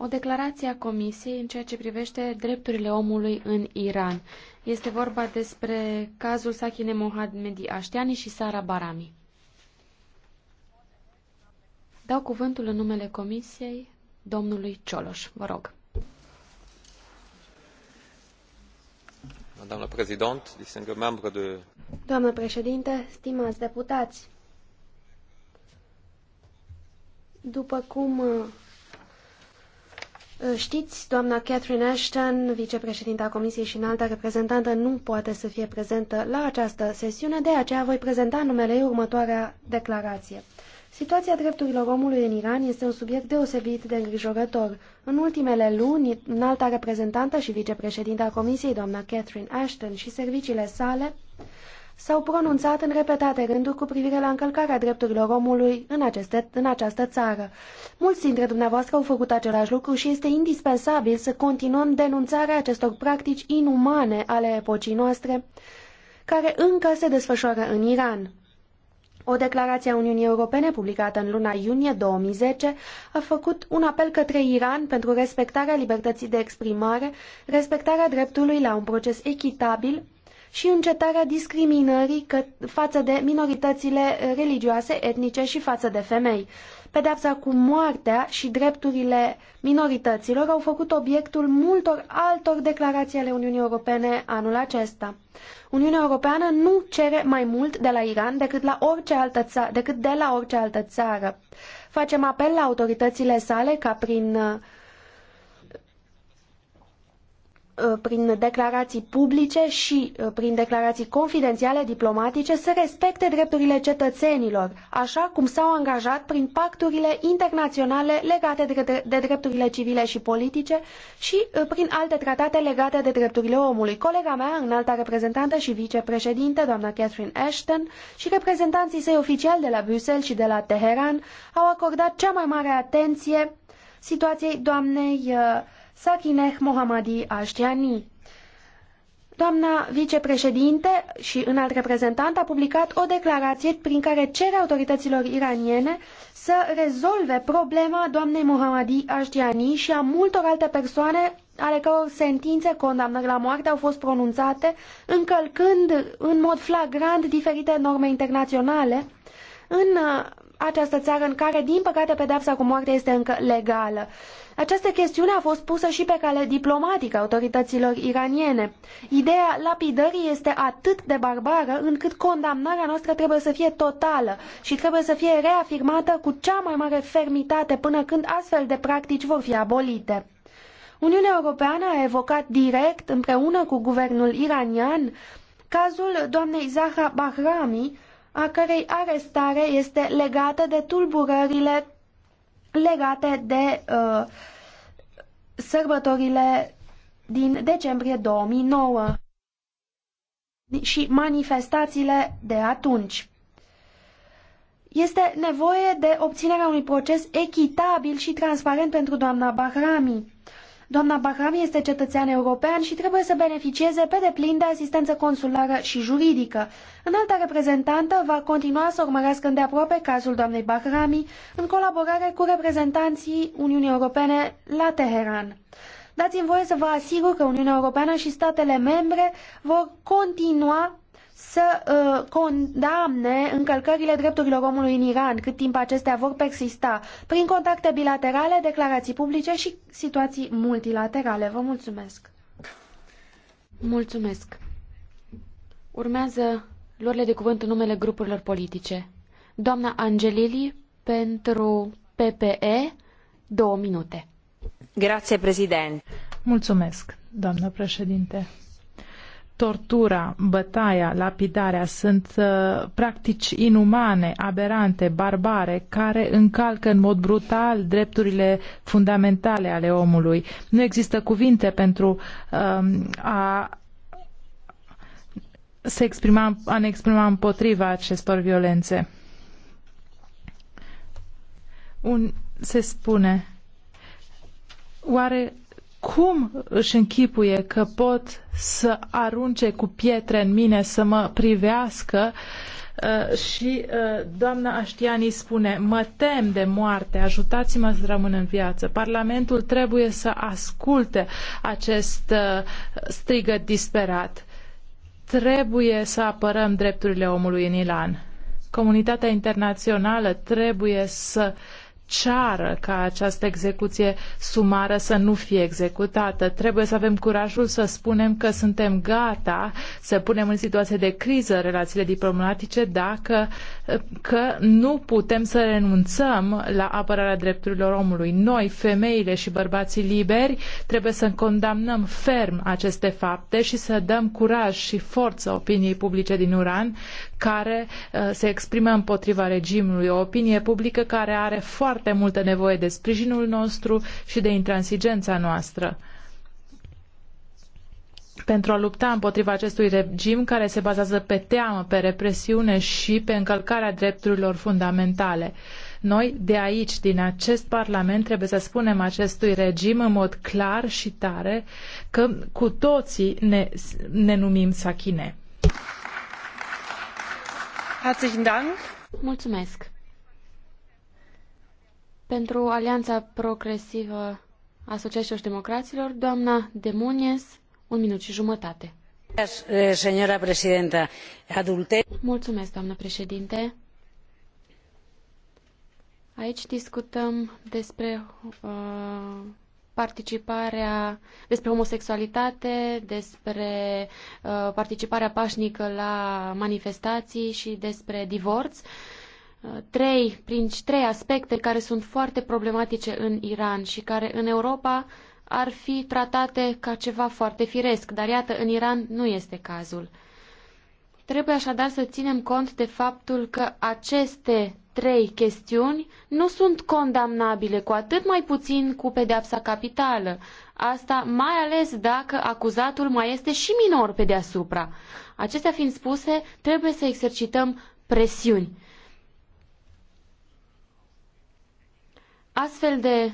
O declarație a Comisiei în ceea ce privește drepturile omului în Iran. Este vorba despre cazul Sakine Mohamedi Aștiani și Sara Barami. Dau cuvântul în numele Comisiei domnului Cioloș. Vă rog. Doamnă președinte, distingă de... Doamnă președinte, stimați deputați, după cum Ă, știți, doamna Catherine Ashton, vicepreședinta Comisiei și înaltă reprezentantă, nu poate să fie prezentă la această sesiune, de aceea voi prezenta numele ei următoarea declarație. Situația drepturilor omului în Iran este un subiect deosebit de îngrijorător. În ultimele luni, înalta reprezentantă și vicepreședinta Comisiei, doamna Catherine Ashton, și serviciile sale s-au pronunțat în repetate rânduri cu privire la încălcarea drepturilor omului în, aceste, în această țară. Mulți dintre dumneavoastră au făcut același lucru și este indispensabil să continuăm denunțarea acestor practici inumane ale epocii noastre, care încă se desfășoară în Iran. O declarație a Uniunii Europene publicată în luna iunie 2010 a făcut un apel către Iran pentru respectarea libertății de exprimare, respectarea dreptului la un proces echitabil și încetarea discriminării că, față de minoritățile religioase, etnice și față de femei. Pedepsa cu moartea și drepturile minorităților au făcut obiectul multor altor declarații ale Uniunii Europene anul acesta. Uniunea Europeană nu cere mai mult de la Iran decât, la orice altă țară, decât de la orice altă țară. Facem apel la autoritățile sale ca prin uh, Uh, prin declarații publice și uh, prin declarații confidențiale diplomatice să respecte drepturile cetățenilor, așa cum s-au angajat prin pacturile internaționale legate de drepturile civile și politice și uh, prin alte tratate legate de drepturile omului. Colega mea, înalta reprezentantă și vicepreședinte, doamna Catherine Ashton, și reprezentanții săi oficiali de la Bruxelles și de la Teheran au acordat cea mai mare atenție situației doamnei uh, Sakineh Mohammadi Ashtiani. Doamna vicepreședinte și înalt reprezentant a publicat o declarație prin care cere autorităților iraniene să rezolve problema doamnei Mohammadi Ashtiani și a multor alte persoane ale căror sentințe condamnări la moarte au fost pronunțate, încălcând în mod flagrant diferite norme internaționale în această țară în care, din păcate, pedepsa cu moartea este încă legală. Această chestiune a fost pusă și pe cale diplomatică autorităților iraniene. Ideea lapidării este atât de barbară încât condamnarea noastră trebuie să fie totală și trebuie să fie reafirmată cu cea mai mare fermitate până când astfel de practici vor fi abolite. Uniunea Europeană a evocat direct, împreună cu guvernul iranian, cazul doamnei Zahra Bahrami, a cărei arestare este legată de tulburările legate de uh, sărbătorile din decembrie 2009 și manifestațiile de atunci. Este nevoie de obținerea unui proces echitabil și transparent pentru doamna Bahrami. Doamna Bahram este cetățean european și trebuie să beneficieze pe deplin de asistență consulară și juridică. Înalta reprezentantă va continua să urmărească îndeaproape cazul doamnei Bahrami în colaborare cu reprezentanții Uniunii Europene la Teheran. Dați-mi voie să vă asigur că Uniunea Europeană și statele membre vor continua să uh, condamne încălcările drepturilor omului în Iran, cât timp acestea vor persista, prin contacte bilaterale, declarații publice și situații multilaterale. Vă mulțumesc! Mulțumesc! Urmează luările de cuvânt în numele grupurilor politice. Doamna Angelili, pentru PPE, două minute. Grație, prezident! Mulțumesc, doamnă președinte! tortura, bătaia, lapidarea sunt uh, practici inumane, aberante, barbare, care încalcă în mod brutal drepturile fundamentale ale omului. Nu există cuvinte pentru uh, a se exprima, a ne exprima împotriva acestor violențe. Un, se spune, oare cum își închipuie că pot să arunce cu pietre în mine, să mă privească uh, și uh, doamna Aștiani spune, mă tem de moarte, ajutați-mă să rămân în viață. Parlamentul trebuie să asculte acest uh, strigăt disperat. Trebuie să apărăm drepturile omului în Ilan. Comunitatea internațională trebuie să uh, ceară ca această execuție sumară să nu fie executată. Trebuie să avem curajul să spunem că suntem gata să punem în situație de criză relațiile diplomatice dacă că nu putem să renunțăm la apărarea drepturilor omului. Noi, femeile și bărbații liberi, trebuie să condamnăm ferm aceste fapte și să dăm curaj și forță opiniei publice din Uran care uh, se exprimă împotriva regimului. O opinie publică care are foarte foarte multă nevoie de sprijinul nostru și de intransigența noastră pentru a lupta împotriva acestui regim care se bazează pe teamă, pe represiune și pe încălcarea drepturilor fundamentale. Noi, de aici, din acest Parlament, trebuie să spunem acestui regim în mod clar și tare că cu toții ne, ne numim Sachine. Mulțumesc! Pentru Alianța Progresivă a Socialiștilor și Democraților, doamna Demunies, un minut și jumătate. Mulțumesc, doamnă președinte. Aici discutăm despre uh, participarea, despre homosexualitate, despre uh, participarea pașnică la manifestații și despre divorț. Uh, trei, prin trei aspecte care sunt foarte problematice în Iran și care în Europa ar fi tratate ca ceva foarte firesc, dar iată, în Iran nu este cazul. Trebuie așadar să ținem cont de faptul că aceste trei chestiuni nu sunt condamnabile, cu atât mai puțin cu pedeapsa capitală. Asta mai ales dacă acuzatul mai este și minor pe deasupra. Acestea fiind spuse, trebuie să exercităm presiuni. Astfel de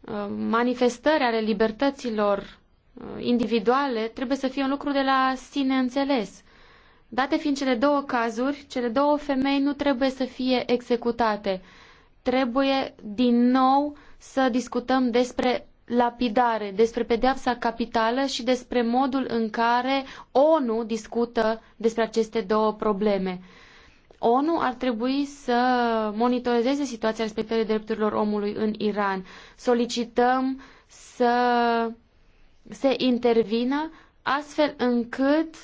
uh, manifestări ale libertăților uh, individuale trebuie să fie un lucru de la sine înțeles. Date fiind cele două cazuri, cele două femei nu trebuie să fie executate. Trebuie din nou să discutăm despre lapidare, despre pedeapsa capitală și despre modul în care ONU discută despre aceste două probleme. ONU ar trebui să monitorizeze situația respectării drepturilor omului în Iran. Solicităm să se intervină astfel încât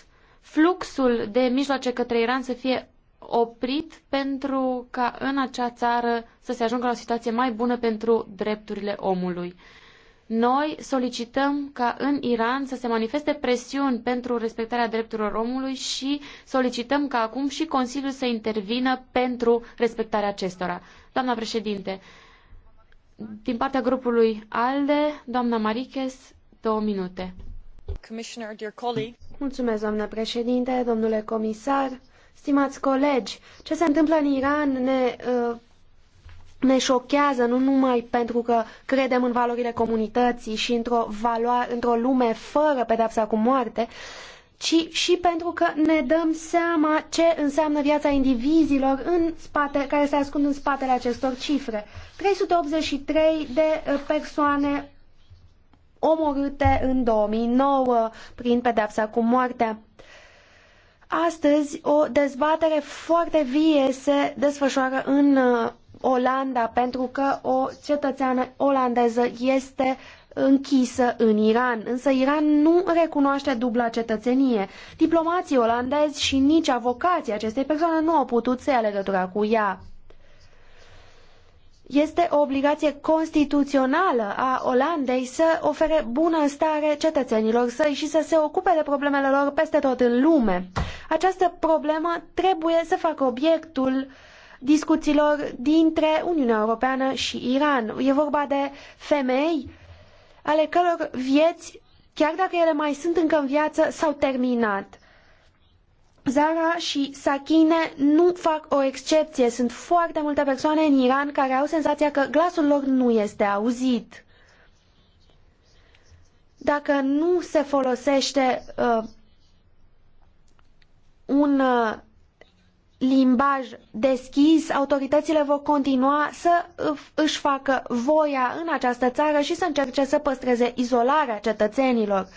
fluxul de mijloace către Iran să fie oprit pentru ca în acea țară să se ajungă la o situație mai bună pentru drepturile omului. Noi solicităm ca în Iran să se manifeste presiuni pentru respectarea drepturilor omului și solicităm ca acum și Consiliul să intervină pentru respectarea acestora. Doamna președinte, din partea grupului ALDE, doamna Mariches, două minute. Mulțumesc, doamnă președinte, domnule comisar, stimați colegi. Ce se întâmplă în Iran ne uh, ne șochează nu numai pentru că credem în valorile comunității și într-o, valoare, într-o lume fără pedepsa cu moarte, ci și pentru că ne dăm seama ce înseamnă viața indivizilor în spate, care se ascund în spatele acestor cifre. 383 de persoane omorâte în 2009 prin pedepsa cu moartea. Astăzi, o dezbatere foarte vie se desfășoară în Olanda pentru că o cetățeană olandeză este închisă în Iran, însă Iran nu recunoaște dubla cetățenie. Diplomații olandezi și nici avocații acestei persoane nu au putut să ia legătura cu ea. Este o obligație constituțională a Olandei să ofere bunăstare cetățenilor săi și să se ocupe de problemele lor peste tot în lume. Această problemă trebuie să facă obiectul uh, discuțiilor dintre Uniunea Europeană și Iran. E vorba de femei ale căror vieți, chiar dacă ele mai sunt încă în viață, s-au terminat. Zara și Sakine nu fac o excepție. Sunt foarte multe persoane în Iran care au senzația că glasul lor nu este auzit. Dacă nu se folosește uh, un uh, limbaj deschis, autoritățile vor continua să uh, își facă voia în această țară și să încerce să păstreze izolarea cetățenilor.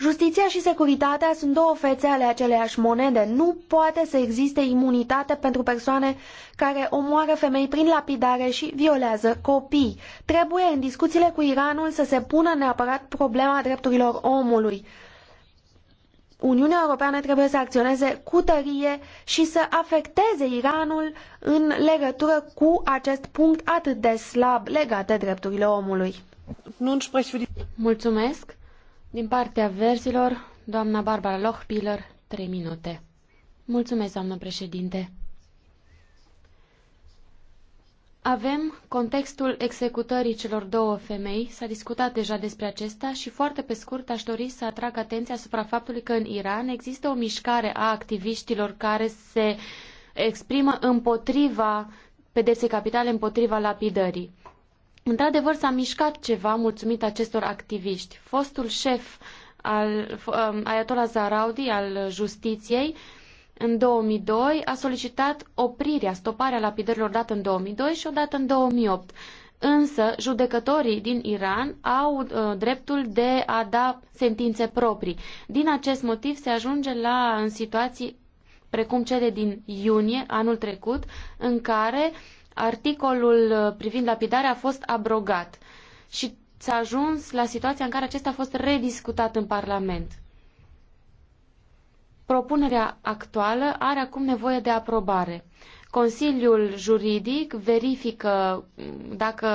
Justiția și securitatea sunt două fețe ale aceleiași monede. Nu poate să existe imunitate pentru persoane care omoară femei prin lapidare și violează copii. Trebuie în discuțiile cu Iranul să se pună neapărat problema drepturilor omului Uniunea Europeană trebuie să acționeze cu tărie și să afecteze Iranul în legătură cu acest punct atât de slab legat de drepturile omului. Mulțumesc. Din partea verzilor, doamna Barbara Lochbiller, 3 minute. Mulțumesc, doamnă președinte. Avem contextul executării celor două femei, s-a discutat deja despre acesta și foarte pe scurt aș dori să atrag atenția asupra faptului că în Iran există o mișcare a activiștilor care se exprimă împotriva pedepsei capitale, împotriva lapidării. Într-adevăr s-a mișcat ceva mulțumit acestor activiști. Fostul șef al um, Ayatollah Zaraudi al justiției în 2002 a solicitat oprirea, stoparea lapidărilor dată în 2002 și odată în 2008. Însă, judecătorii din Iran au uh, dreptul de a da sentințe proprii. Din acest motiv se ajunge la în situații precum cele din iunie anul trecut, în care articolul uh, privind lapidarea a fost abrogat și s-a ajuns la situația în care acesta a fost rediscutat în Parlament propunerea actuală are acum nevoie de aprobare. Consiliul juridic verifică dacă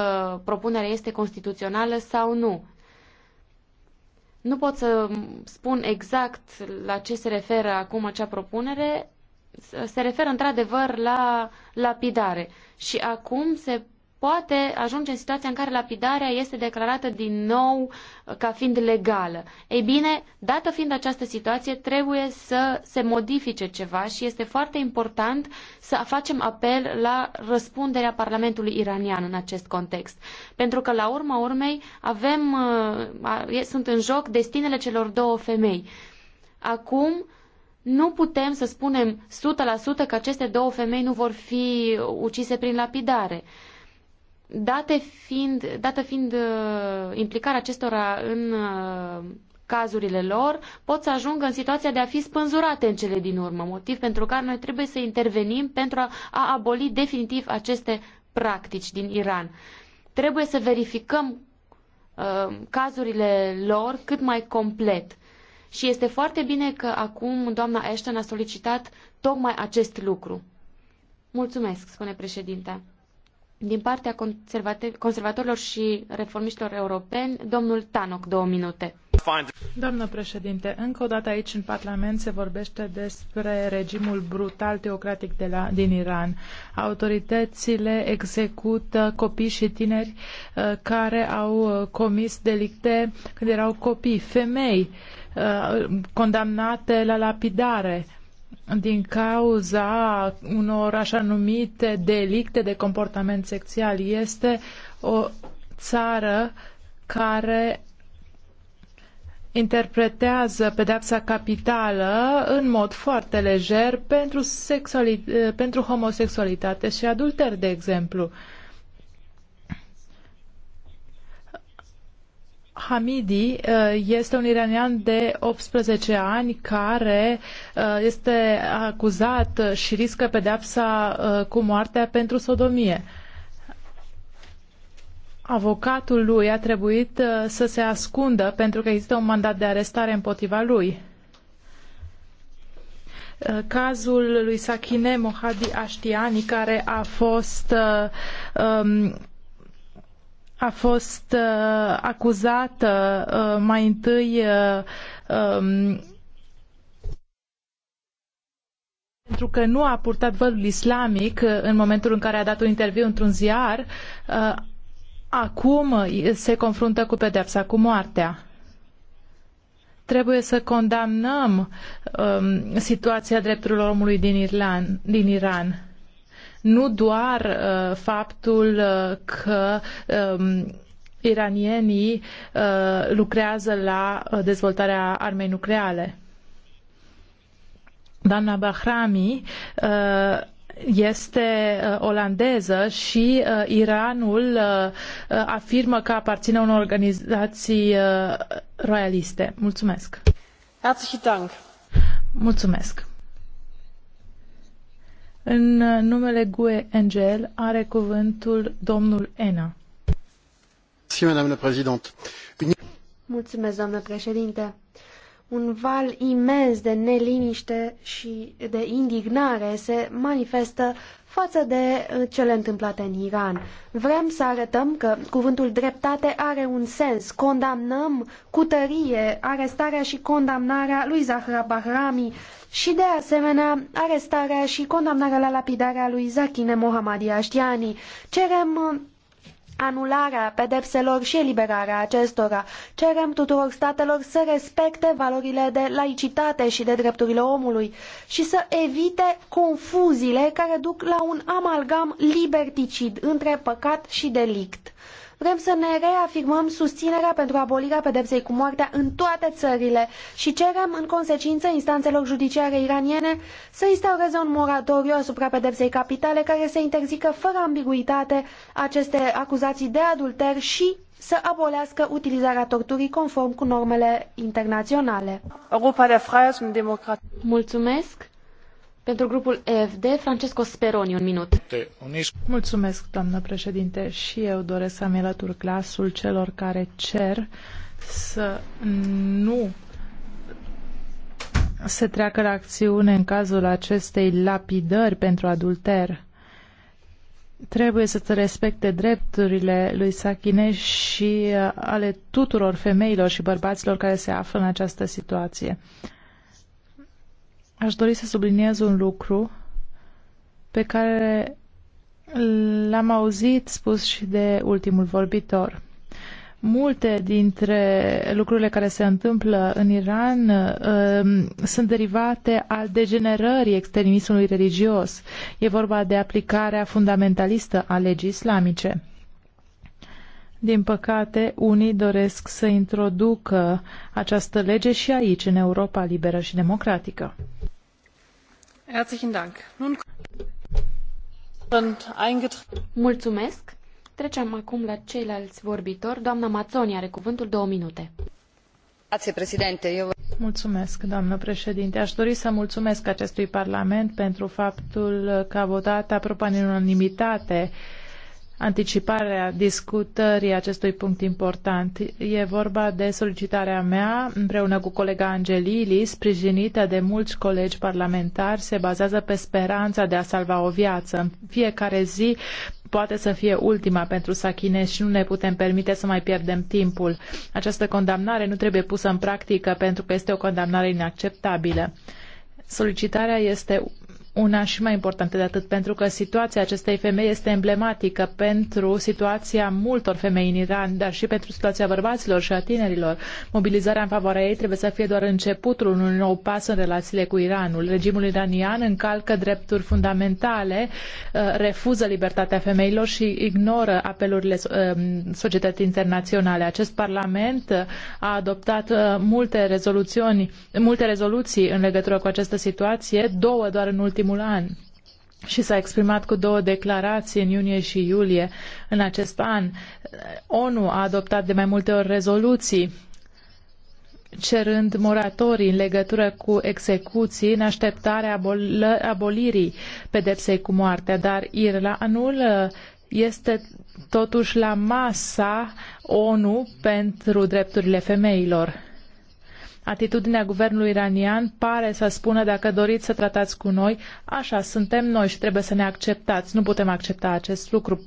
propunerea este constituțională sau nu. Nu pot să spun exact la ce se referă acum acea propunere. Se referă într-adevăr la lapidare. Și acum se poate ajunge în situația în care lapidarea este declarată din nou ca fiind legală. Ei bine, dată fiind această situație, trebuie să se modifice ceva și este foarte important să facem apel la răspunderea Parlamentului iranian în acest context. Pentru că, la urma urmei, avem, uh, sunt în joc destinele celor două femei. Acum, nu putem să spunem 100% că aceste două femei nu vor fi ucise prin lapidare. Uh, date fiind, dată fiind uh, implicarea acestora în uh, cazurile lor, pot să ajungă în situația de a fi spânzurate în cele din urmă, motiv pentru care noi trebuie să intervenim pentru a, a aboli definitiv aceste practici din Iran. Trebuie să verificăm uh, cazurile lor cât mai complet. Și este foarte bine că acum doamna Ashton a solicitat tocmai acest lucru. Mulțumesc, spune președintea din partea conservatorilor și reformiștilor europeni, domnul Tanok, două minute. Doamnă președinte, încă o dată aici în Parlament se vorbește despre regimul brutal teocratic de la, din Iran. Autoritățile execută copii și tineri uh, care au uh, comis delicte când erau copii, femei uh, condamnate la lapidare, din cauza unor așa numite delicte de comportament sexual. Este o țară care interpretează pedepsa capitală în mod foarte lejer pentru, pentru homosexualitate și adulter, de exemplu. Uh, Hamidi uh, este un iranian de 18 ani care uh, este acuzat și riscă pedepsa uh, cu moartea pentru sodomie. Avocatul lui a trebuit să se ascundă pentru că există un mandat de arestare împotriva lui. Cazul lui Sakine Mohadi Ashtiani, care a fost um, a fost uh, acuzată uh, mai întâi uh, um, pentru că nu a purtat vărul islamic uh, în momentul în care a dat un interviu într-un ziar, uh, acum se confruntă cu pedepsa cu moartea trebuie să condamnăm um, situația drepturilor omului din, Irland, din Iran nu doar uh, faptul uh, că um, iranienii uh, lucrează la uh, dezvoltarea armei nucleare. Doamna Bahrami uh, este uh, olandeză și uh, Iranul afirmă că aparține unor organizații royaliste. Mulțumesc! Herzlichen Dank! Mulțumesc! În uh, numele GUE NGL are cuvântul domnul Ena. Mulțumesc, doamnă președinte. Un val imens de neliniște și de indignare se manifestă față de uh, cele întâmplate în Iran. Vrem să arătăm că cuvântul dreptate are un sens. Condamnăm cu tărie arestarea și condamnarea lui Zahra Bahrami și de asemenea arestarea și condamnarea la lapidarea lui Zakine Mohamadi Aștiani. Cerem uh, anularea pedepselor și eliberarea acestora. Cerem tuturor statelor să respecte valorile de laicitate și de drepturile omului și să evite confuziile care duc la un amalgam liberticid între păcat și delict. Vrem să ne reafirmăm susținerea pentru abolirea pedepsei cu moartea în toate țările și cerem în consecință instanțelor judiciare iraniene să instaureze un moratoriu asupra pedepsei capitale care să interzică fără ambiguitate aceste acuzații de adulter și să abolească utilizarea torturii conform cu normele internaționale. Mulțumesc. Pentru grupul EFD, Francesco Speroni, un minut. Mulțumesc, doamnă președinte, și eu doresc să-mi alătur glasul celor care cer să nu se treacă la acțiune în cazul acestei lapidări pentru adulter. Trebuie să te respecte drepturile lui Sachine și uh, ale tuturor femeilor și bărbaților care se află în această situație. Aș dori să subliniez un lucru pe care l-am auzit spus și de ultimul vorbitor. Multe dintre lucrurile care se întâmplă în Iran uh, sunt derivate al degenerării extremismului religios. E vorba de aplicarea fundamentalistă a legii islamice. Din păcate, unii doresc să introducă această lege și aici, în Europa liberă și democratică. Mulțumesc. Trecem acum la ceilalți vorbitori. Doamna Mazzoni are cuvântul două minute. Mulțumesc, doamnă președinte. Aș dori să mulțumesc acestui Parlament pentru faptul că a votat aproape în unanimitate uh, anticiparea discutării acestui punct important. E vorba de solicitarea mea, împreună cu colega Angelili, sprijinită de mulți colegi parlamentari, se bazează pe speranța de a salva o viață. Fiecare zi poate să fie ultima pentru Sachines și nu ne putem permite să mai pierdem timpul. Această condamnare nu trebuie pusă în practică pentru că este o condamnare inacceptabilă. Solicitarea este una și mai importantă de atât, pentru că situația acestei femei este emblematică pentru situația multor femei în Iran, dar și pentru situația bărbaților și a tinerilor. Mobilizarea în favoarea ei trebuie să fie doar începutul unui nou pas în relațiile cu Iranul. Regimul iranian încalcă drepturi fundamentale, uh, refuză libertatea femeilor și ignoră apelurile uh, societății internaționale. Acest parlament a adoptat uh, multe rezoluții, multe rezoluții în legătură cu această situație, două doar în ultimul ultimul an și s-a exprimat cu două declarații în iunie și iulie în acest an. ONU a adoptat de mai multe ori rezoluții cerând moratorii în legătură cu execuții în așteptarea abol abolirii pedepsei cu moartea, dar anul uh, este totuși la masa ONU pentru drepturile femeilor. Atitudinea guvernului iranian pare să spună dacă doriți să tratați cu noi, așa suntem noi și trebuie să ne acceptați. Nu putem accepta acest lucru.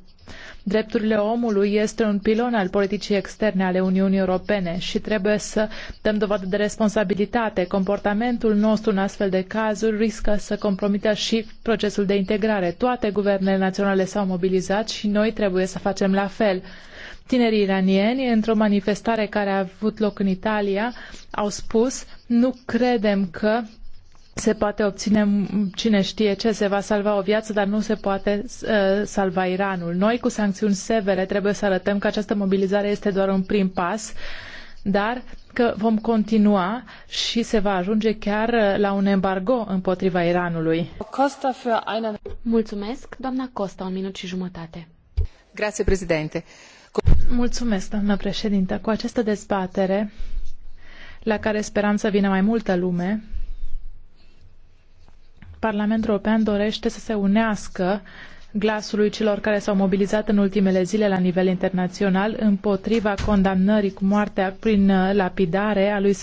Drepturile omului este un pilon al politicii externe ale Uniunii Europene și trebuie să dăm dovadă de responsabilitate. Comportamentul nostru în astfel de cazuri riscă să compromită și procesul de integrare. Toate guvernele naționale s-au mobilizat și noi trebuie să facem la fel. Tinerii iranieni, într-o manifestare care a avut loc în Italia, au spus nu credem că se poate obține cine știe ce, se va salva o viață, dar nu se poate uh, salva Iranul. Noi, cu sancțiuni severe, trebuie să arătăm că această mobilizare este doar un prim pas, dar că vom continua și se va ajunge chiar ă, la un embargo împotriva Iranului. Costa für eine... Mulțumesc, doamna Costa, un minut și jumătate. Grazie, președinte. Mulțumesc, doamnă președinte. Cu această dezbatere, la care speram să vină mai multă lume, Parlamentul European dorește să se unească glasului celor care s-au mobilizat în ultimele zile la nivel internațional împotriva condamnării cu moartea prin uh, lapidare a lui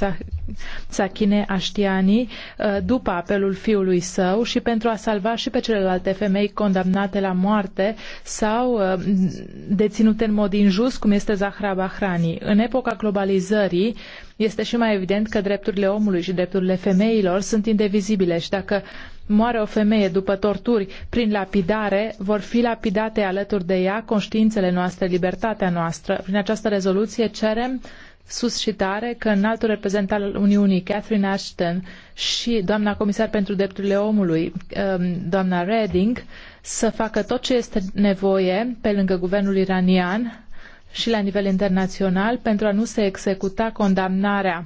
Sakine Ashtiani uh, după apelul fiului său și pentru a salva și pe celelalte femei condamnate la moarte sau uh, deținute în mod injust, cum este Zahra Bahrani. În epoca globalizării, este și mai evident că drepturile omului și drepturile femeilor sunt indevizibile și dacă moare o femeie după torturi prin lapidare, vor fi lapidate alături de ea conștiințele noastre, libertatea noastră. Prin această rezoluție cerem suscitare că înaltul reprezentant al Uniunii, Catherine Ashton, și doamna comisar pentru drepturile omului, um, doamna Reding, să facă tot ce este nevoie pe lângă guvernul iranian și la nivel internațional pentru a nu se executa condamnarea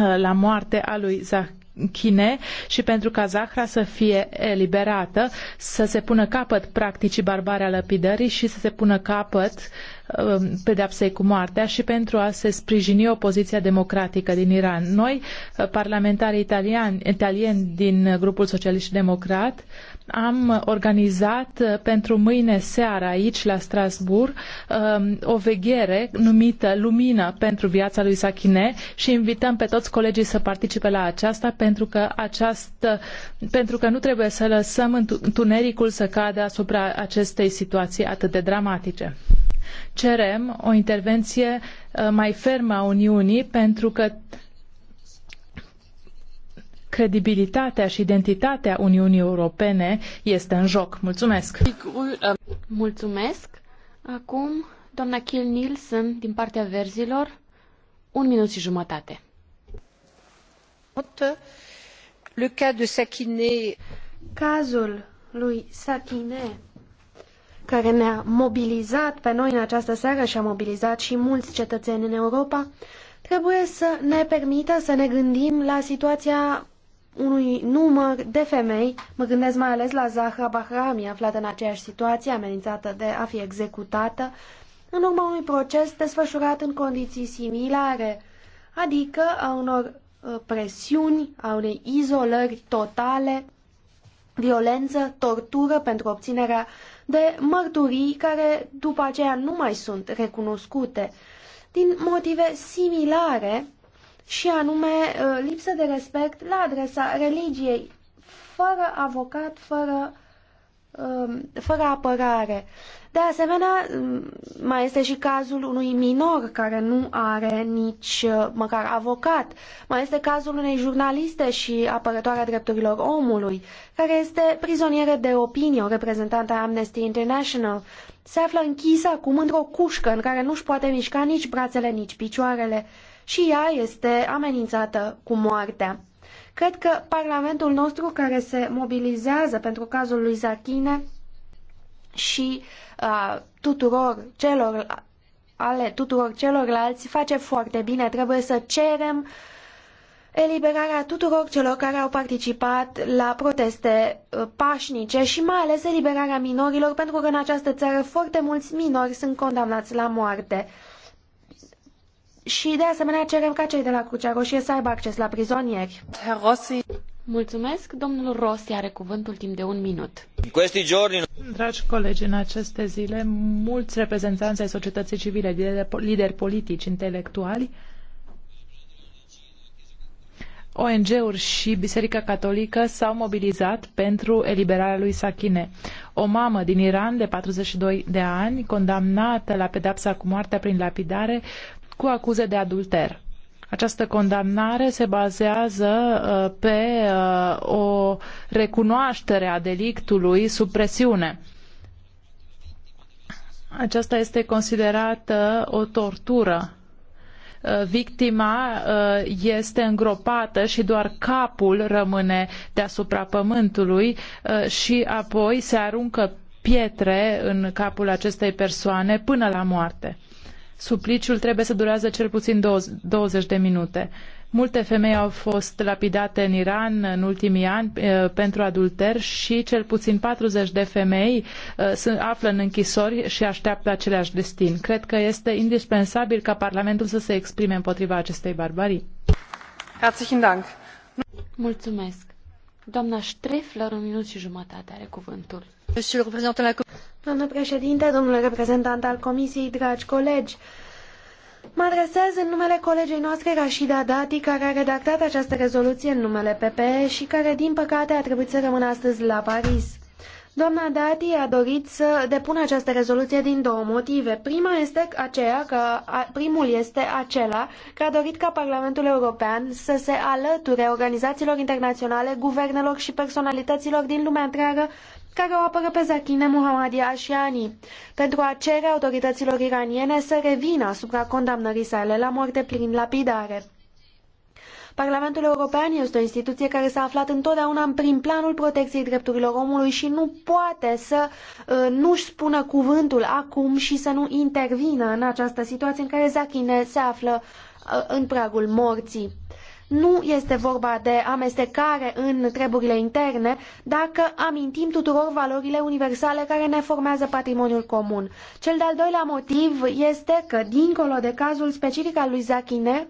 uh, la moarte a lui Zahir Chine și pentru ca Zahra să fie eliberată, să se pună capăt practicii barbare a lăpidării și să se pună capăt um, pedepsei cu moartea și pentru a se sprijini opoziția democratică din Iran. Noi, uh, parlamentarii italieni din grupul socialist și democrat, am organizat uh, pentru mâine seară aici la Strasbourg um, o veghere numită Lumină pentru viața lui Sachine și invităm pe toți colegii să participe la aceasta pentru că, această, pentru că nu trebuie să lăsăm întunericul să cadă asupra acestei situații atât de dramatice. Cerem o intervenție uh, mai fermă a Uniunii pentru că credibilitatea și identitatea Uniunii Europene este în joc. Mulțumesc! Mulțumesc! Acum, doamna Kiel Nielsen, din partea verzilor, un minut și jumătate. Le cas de Sakine. Cazul lui Sakine, care ne-a mobilizat pe noi în această seară și a mobilizat și mulți cetățeni în Europa, trebuie să ne permită să ne gândim la situația unui număr de femei, mă gândesc mai ales la Zahra Bahrami, aflată în aceeași situație, amenințată de a fi executată, în urma unui proces desfășurat în condiții similare, adică a unor uh, presiuni, a unei izolări totale, violență, tortură pentru obținerea de mărturii care după aceea nu mai sunt recunoscute. Din motive similare, și anume uh, lipsă de respect la adresa religiei, fără avocat, fără, um, fără apărare. De asemenea, um, mai este și cazul unui minor care nu are nici uh, măcar avocat. Mai este cazul unei jurnaliste și apărătoare a drepturilor omului, care este prizonieră de opinie, o reprezentantă a Amnesty International. Se află închisă acum într-o cușcă în care nu-și poate mișca nici brațele, nici picioarele și ea este amenințată cu moartea. Cred că Parlamentul nostru care se mobilizează pentru cazul lui Zachine și a tuturor celor ale tuturor celorlalți face foarte bine. Trebuie să cerem eliberarea tuturor celor care au participat la proteste pașnice și mai ales eliberarea minorilor, pentru că în această țară foarte mulți minori sunt condamnați la moarte și de asemenea cerem ca cei de la Crucea Roșie să aibă acces la prizonieri. Rossi. Mulțumesc. Domnul Rossi are cuvântul timp de un minut. Dragi colegi, în aceste zile, mulți reprezentanți ai societății civile, lideri politici, intelectuali, ONG-uri și Biserica Catolică s-au mobilizat pentru eliberarea lui Sakine. O mamă din Iran de 42 de ani, condamnată la pedapsa cu moartea prin lapidare, cu acuze de adulter. Această condamnare se bazează uh, pe uh, o recunoaștere a delictului sub presiune. Aceasta este considerată o tortură. Uh, victima este îngropată și doar capul rămâne deasupra pământului și apoi se aruncă pietre în capul acestei persoane până la moarte. Supliciul trebuie să durează cel puțin 20 de minute. Multe femei au fost lapidate în Iran în ultimii ani eh, pentru adulter și cel puțin 40 de femei eh, se află în închisori și așteaptă aceleași destin. Cred că este indispensabil ca Parlamentul să se exprime împotriva acestei barbarii. Herzlichen Dank. Mulțumesc. Doamna Streffler, un minut și jumătate are cuvântul președinte, domnule reprezentant al Comisiei, colegi, mă adresez în numele colegei noastre Rashida Dati, care a redactat această rezoluție în numele PPE și care, din păcate, a trebuit să rămână astăzi la Paris. Doamna Dati a dorit să depună această rezoluție din două motive. Prima este aceea că primul este acela că a dorit ca Parlamentul European să se alăture organizațiilor internaționale, guvernelor și personalităților din lumea întreagă care o apără pe Zakine Mohammadi Ashiani pentru a cere autorităților iraniene să revină asupra condamnării sale la moarte prin lapidare. Parlamentul European este o instituție care s-a aflat întotdeauna în prim planul protecției drepturilor omului și nu poate să uh, nu-și spună cuvântul acum și să nu intervină în această situație în care Zakine se află uh, în pragul morții. Nu este vorba de amestecare în treburile interne dacă amintim tuturor valorile universale care ne formează patrimoniul comun. Cel de-al doilea motiv este că, dincolo de cazul specific al lui Zachine,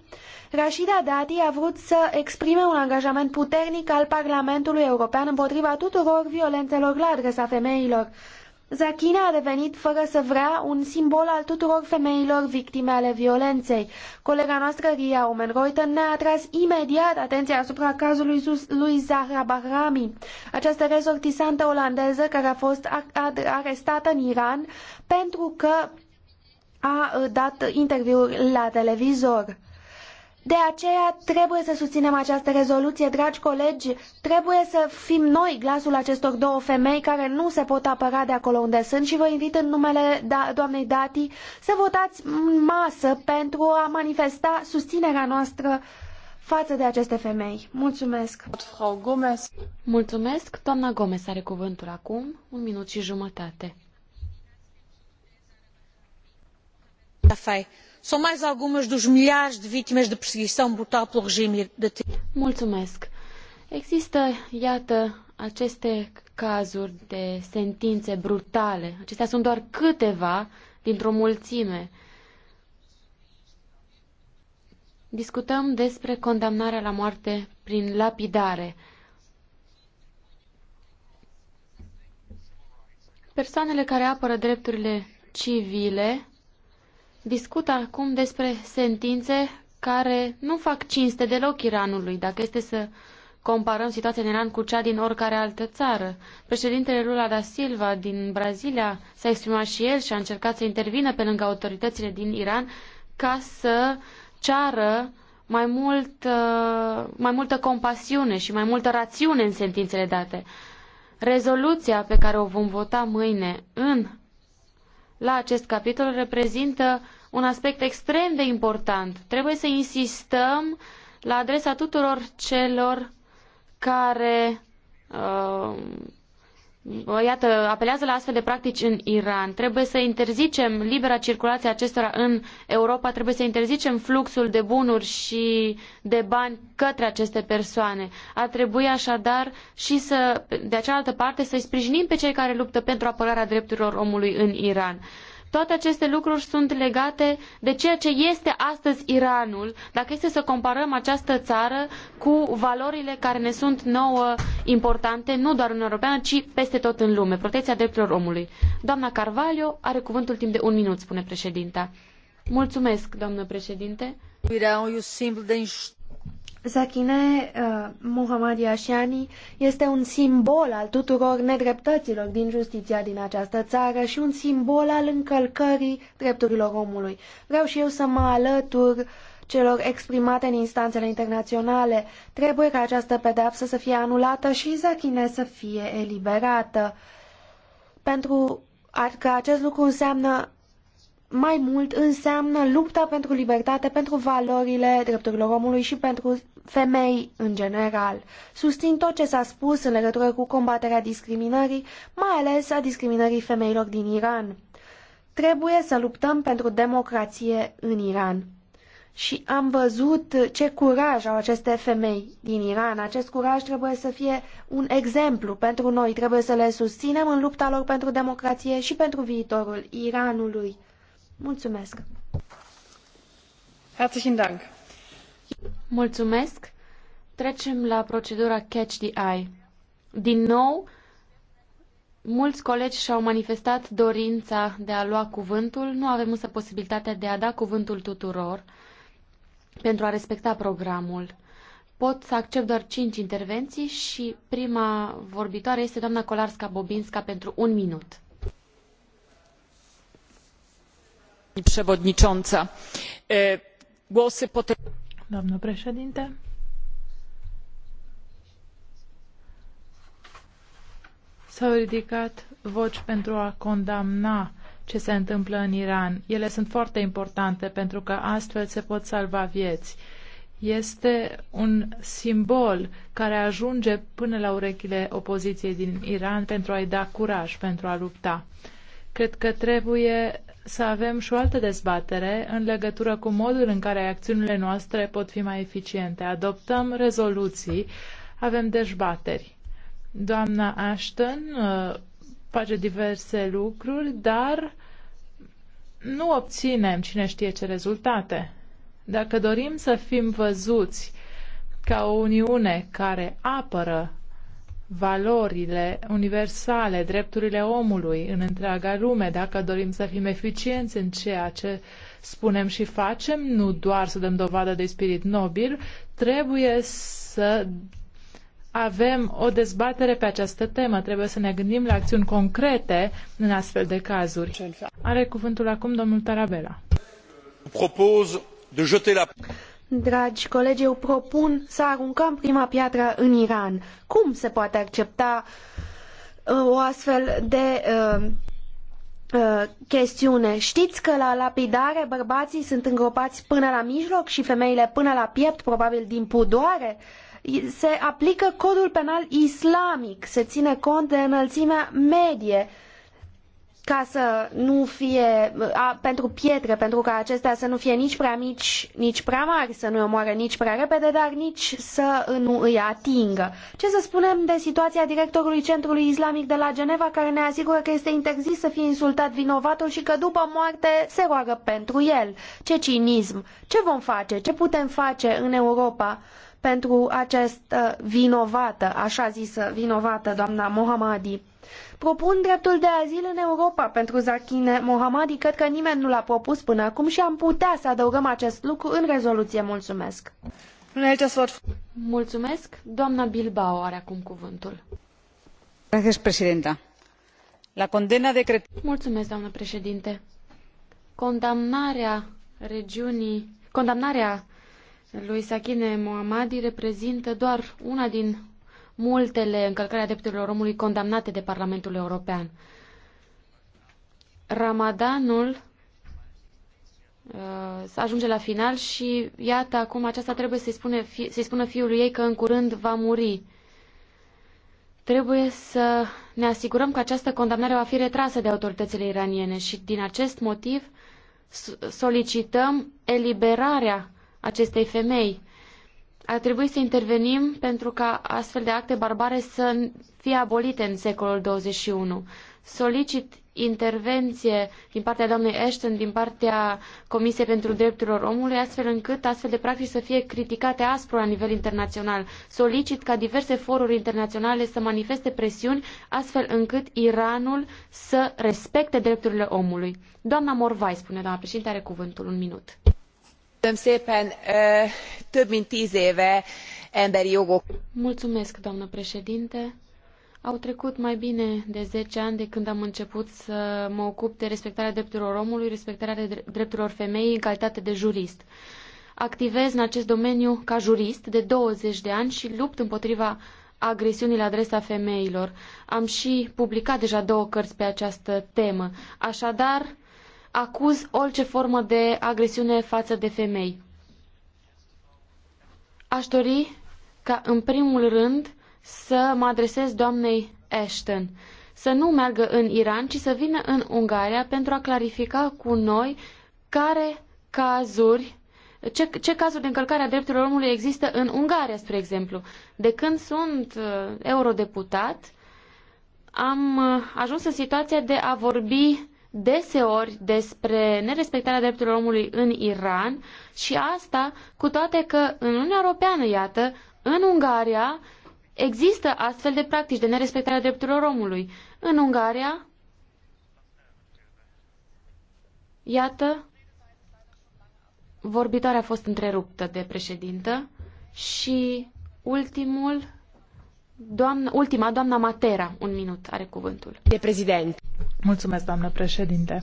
Rashida Dati a vrut să exprime un angajament puternic al Parlamentului European împotriva tuturor violențelor la adresa femeilor Zachina a devenit, fără să vrea, un simbol al tuturor femeilor victime ale violenței. Colega noastră, Ria Omenreuter, ne-a atras imediat atenția asupra cazului lui Zahra Bahrami, această resortisantă olandeză care a fost arestată în Iran pentru că a uh, dat interviuri la televizor. De aceea trebuie să susținem această rezoluție, dragi colegi, trebuie să fim noi glasul acestor două femei care nu se pot apăra de acolo unde sunt și vă invit în numele da, doamnei Dati să votați în masă pentru a manifesta susținerea noastră față de aceste femei. Mulțumesc! Frau Gomez. Mulțumesc! Doamna Gomez are cuvântul acum, un minut și jumătate. Fai são mais algumas dos milhares de vítimas de perseguição brutal pelo regime de da Mulțumesc. Există, iată, aceste cazuri de sentințe brutale. Acestea sunt doar câteva dintr-o mulțime. Discutăm despre condamnarea la moarte prin lapidare. Persoanele care apără drepturile civile discută acum despre sentințe care nu fac cinste deloc Iranului, dacă este să comparăm situația în Iran cu cea din oricare altă țară. Președintele Lula da Silva din Brazilia s-a exprimat și el și a încercat să intervină pe lângă autoritățile din Iran ca să ceară mai, mult, uh, mai multă compasiune și mai multă rațiune în sentințele date. Rezoluția pe care o vom vota mâine în la acest capitol reprezintă un aspect extrem de important. Trebuie să insistăm la adresa tuturor celor care uh, iată, apelează la astfel de practici în Iran. Trebuie să interzicem libera circulație acestora în Europa, trebuie să interzicem fluxul de bunuri și de bani către aceste persoane. Ar trebui așadar și să, de cealaltă parte, să-i sprijinim pe cei care luptă pentru apărarea drepturilor omului în Iran. Toate aceste lucruri sunt legate de ceea ce este astăzi Iranul, dacă este să comparăm această țară cu valorile care ne sunt nouă importante, nu doar în Europeană, ci peste tot în lume, protecția drepturilor omului. Doamna Carvalho are cuvântul timp de un minut, spune președinta. Mulțumesc, doamnă președinte. Zakine uh, Muhammad Yashani este un simbol al tuturor nedreptăților din justiția din această țară și un simbol al încălcării drepturilor omului. Vreau și eu să mă alătur celor exprimate în instanțele internaționale. Trebuie ca această pedeapsă să fie anulată și Zakine să fie eliberată. Pentru că acest lucru înseamnă mai mult înseamnă lupta pentru libertate, pentru valorile drepturilor omului și pentru femei în general. Susțin tot ce s-a spus în legătură cu combaterea discriminării, mai ales a discriminării femeilor din Iran. Trebuie să luptăm pentru democrație în Iran. Și am văzut ce curaj au aceste femei din Iran. Acest curaj trebuie să fie un exemplu pentru noi. Trebuie să le susținem în lupta lor pentru democrație și pentru viitorul Iranului Mulțumesc! Herzlichen Dank! Mulțumesc! Trecem la procedura Catch the Eye. Din nou, mulți colegi și-au manifestat dorința de a lua cuvântul. Nu avem însă posibilitatea de a da cuvântul tuturor pentru a respecta programul. Pot să accept doar cinci intervenții și prima vorbitoare este doamna Kolarska-Bobinska pentru un minut. przewodnicząca! głosy președinte s au ridicat voci pentru a condamna ce se întâmplă în Iran. Ele sunt foarte importante pentru că astfel se pot salva vieți. Este un simbol care ajunge până la urechile opoziției din Iran pentru a-i da curaj, pentru a lupta. Cred că trebuie să avem și o altă dezbatere în legătură cu modul în care acțiunile noastre pot fi mai eficiente. Adoptăm rezoluții, avem dezbateri. Doamna Ashton uh, face diverse lucruri, dar nu obținem cine știe ce rezultate. Dacă dorim să fim văzuți ca o Uniune care apără valorile universale, drepturile omului în întreaga lume, dacă dorim să fim eficienți în ceea ce spunem și facem, nu doar să dăm dovadă de spirit nobil, trebuie să avem o dezbatere pe această temă. Trebuie să ne gândim la acțiuni concrete în astfel de cazuri. Are cuvântul acum domnul Tarabella. Propos de jeter la... Dragi colegi, eu propun să aruncăm prima piatră în Iran. Cum se poate accepta uh, o astfel de uh, uh, chestiune? Știți că la lapidare bărbații sunt îngropați până la mijloc și femeile până la piept, probabil din pudoare? Se aplică codul penal islamic, se ține cont de înălțimea medie. Uh, ca să nu fie a, pentru pietre, pentru ca acestea să nu fie nici prea mici, nici prea mari, să nu îi omoare nici prea repede, dar nici să nu îi atingă. Ce să spunem de situația directorului Centrului Islamic de la Geneva, care ne asigură că este interzis să fie insultat vinovatul și că după moarte se roagă pentru el? Ce cinism! Ce vom face? Ce putem face în Europa pentru această vinovată, așa zisă vinovată, doamna Mohamadi? Propun dreptul de azil în Europa pentru Zakine Mohamadi, cred că nimeni nu l-a propus până acum și am putea să adăugăm acest lucru în rezoluție. Mulțumesc! Mulțumesc! Doamna Bilbao are acum cuvântul. Gracias, presidenta. La condena decret. Mulțumesc, doamnă președinte. Condamnarea regiunii... Condamnarea lui Sakine Mohamadi reprezintă doar una din multele încălcări a drepturilor omului condamnate de Parlamentul European. Ramadanul uh, să ajunge la final și iată acum aceasta trebuie să-i, spune fi, să spună fiului ei că în curând va muri. Trebuie să ne asigurăm că această condamnare va fi retrasă de autoritățile iraniene și din acest motiv solicităm eliberarea acestei femei ar trebui să intervenim pentru ca astfel de acte barbare să fie abolite în secolul 21. Solicit intervenție din partea doamnei Ashton, din partea Comisiei pentru Drepturile Omului, astfel încât astfel de practici să fie criticate aspru la nivel internațional. Solicit ca diverse foruri internaționale să manifeste presiuni, astfel încât Iranul să respecte drepturile omului. Doamna Morvai, spune doamna președinte, are cuvântul un minut több mint tz éve emberi jogok. au trecut mai bine de zece ani de când am început să mă ocup de respectarea drepturilor omului respectarea drepturilor femeii în calitate de jurist. activez în acest domeniu ca jurist de douăzeci de ani și lupt împotriva agresiunii la adresa femeilor. Am și publicat deja două cărți pe această temă. Așadar, acuz orice formă de agresiune față de femei. Aș dori ca în primul rând să mă adresez doamnei Ashton, să nu meargă în Iran, ci să vină în Ungaria pentru a clarifica cu noi care cazuri ce, ce cazuri de încălcare a drepturilor omului există în Ungaria, spre exemplu. De când sunt uh, eurodeputat, am uh, ajuns în situația de a vorbi deseori despre nerespectarea drepturilor omului în Iran și asta cu toate că în Uniunea Europeană, iată, în Ungaria există astfel de practici de nerespectare a drepturilor omului. În Ungaria, iată, vorbitoarea a fost întreruptă de președintă și ultimul Doamna, ultima, doamna Matera, un minut, are cuvântul. De prezident. Mulțumesc, doamnă președinte.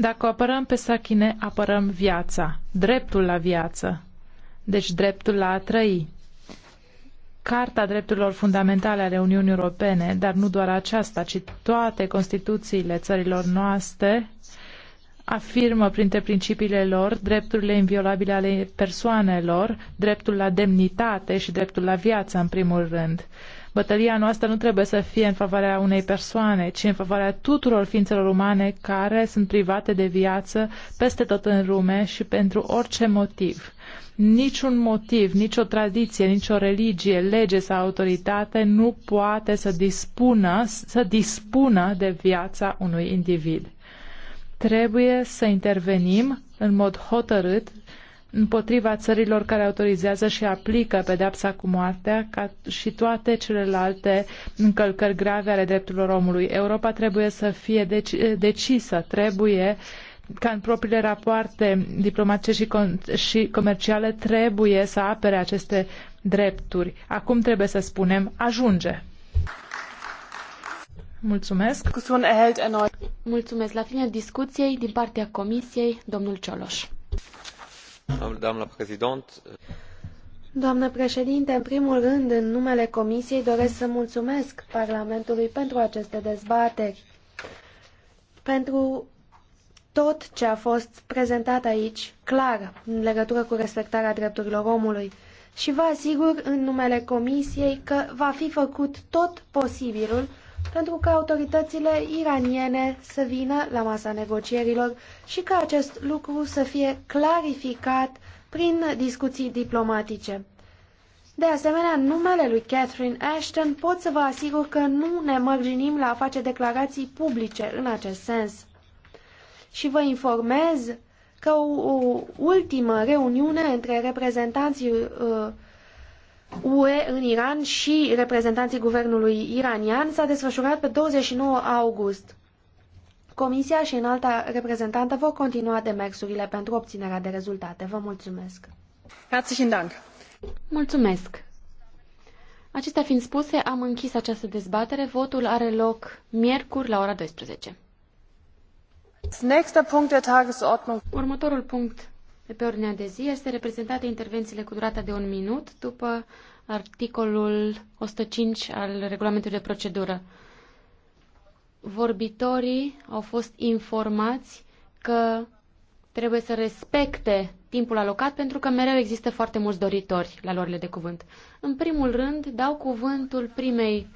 Dacă apărăm pe Sachine, apărăm viața, dreptul la viață, deci dreptul la a trăi. Carta drepturilor fundamentale ale Uniunii Europene, dar nu doar aceasta, ci toate constituțiile țărilor noastre, uh, afirmă printre principiile lor drepturile inviolabile ale persoanelor, dreptul la demnitate și dreptul la viață, în primul rând. Bătălia noastră nu trebuie să fie în favoarea unei persoane, ci în favoarea tuturor ființelor umane care sunt private de viață peste tot în lume și pentru orice motiv. Niciun motiv, nicio tradiție, nicio religie, lege sau autoritate nu poate să dispună, să dispună de viața unui individ. Trebuie să intervenim în mod hotărât împotriva țărilor care autorizează și aplică pedepsa cu moartea ca și toate celelalte încălcări grave ale drepturilor omului. Europa trebuie să fie deci, decisă, trebuie ca în propriile rapoarte diplomatice și, com- și comerciale trebuie să apere aceste drepturi. Acum trebuie să spunem ajunge. Mulțumesc. Mulțumesc. La finele discuției, din partea Comisiei, domnul Cioloș. Doamna președinte, Doamnă președinte, în primul rând, în numele Comisiei, doresc să mulțumesc Parlamentului pentru aceste dezbateri, pentru tot ce a fost prezentat aici, clar, în legătură cu respectarea drepturilor omului. Și vă asigur, în numele Comisiei, că va fi făcut tot posibilul pentru ca autoritățile iraniene să vină la masa negocierilor și ca acest lucru să fie clarificat prin discuții diplomatice. De asemenea, numele lui Catherine Ashton pot să vă asigur că nu ne mărginim la a face declarații publice în acest sens. Și vă informez că o, o ultimă reuniune între reprezentanții uh, UE în Iran și reprezentanții guvernului iranian s-a desfășurat pe 29 august. Comisia și înalta reprezentantă vor continua demersurile pentru obținerea de rezultate. Vă mulțumesc! Herzlichen Dank! Mulțumesc! Acestea fiind spuse, am închis această dezbatere. Votul are loc miercuri la ora 12. Următorul punct de pe ordinea de zi este reprezentată intervențiile cu durata de un minut după articolul 105 al regulamentului de procedură. Vorbitorii au fost informați că trebuie să respecte timpul alocat pentru că mereu există foarte mulți doritori la lorile de cuvânt. În primul rând, dau cuvântul primei